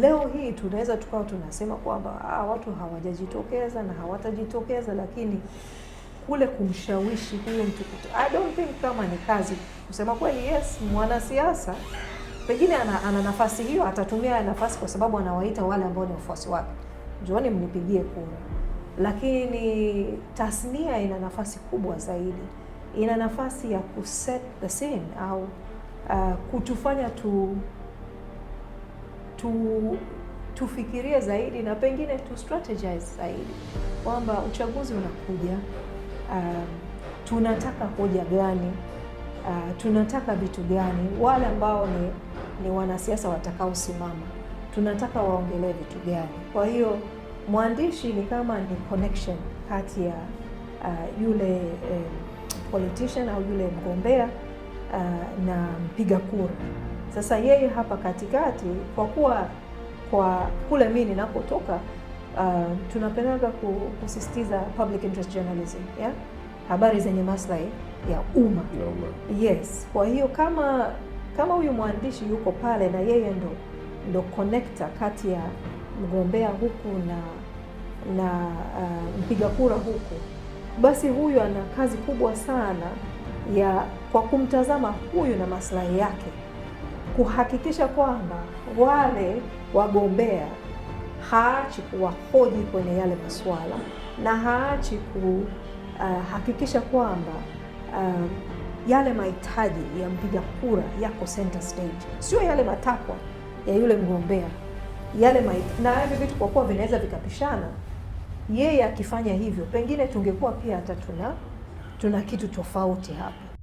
Leo hii tunaweza tukawa tunasema kwamba ah, watu hawajajitokeza na hawatajitokeza, lakini kule kumshawishi huyo mtu I don't think kama ni kazi. Kusema kweli, yes, mwanasiasa pengine ana, ana nafasi hiyo, atatumia nafasi kwa sababu anawaita wale ambao ni wafuasi wake, njooni mnipigie kura, lakini tasnia ina nafasi kubwa zaidi, ina nafasi ya kuset the scene au uh, kutufanya tu tu tufikirie zaidi na pengine tu strategize zaidi kwamba uchaguzi unakuja, uh, tunataka hoja gani? Uh, tunataka vitu gani? Wale ambao ni, ni wanasiasa watakaosimama tunataka waongelee vitu gani? Kwa hiyo mwandishi ni kama ni connection kati ya uh, yule eh, politician au yule mgombea uh, na mpiga kura. Sasa yeye hapa katikati, kwa kuwa kwa kule mimi ninapotoka uh, tunapendaga kusisitiza public interest journalism yeah? habari zenye maslahi ya umma yes. Kwa hiyo kama kama huyu mwandishi yuko pale na yeye ndo ndo connector kati ya mgombea huku na na uh, mpiga kura huku, basi huyu ana kazi kubwa sana ya kwa kumtazama huyu na maslahi yake kuhakikisha kwamba wale wagombea haachi kuwahoji kwenye yale masuala na haachi kuhakikisha uh, kwamba uh, yale mahitaji ya mpiga kura yako center stage, sio yale matakwa ya yule mgombea yale Na hivi vitu kwa kuwa vinaweza vikapishana, yeye akifanya hivyo, pengine tungekuwa pia hata tuna tuna kitu tofauti hapa.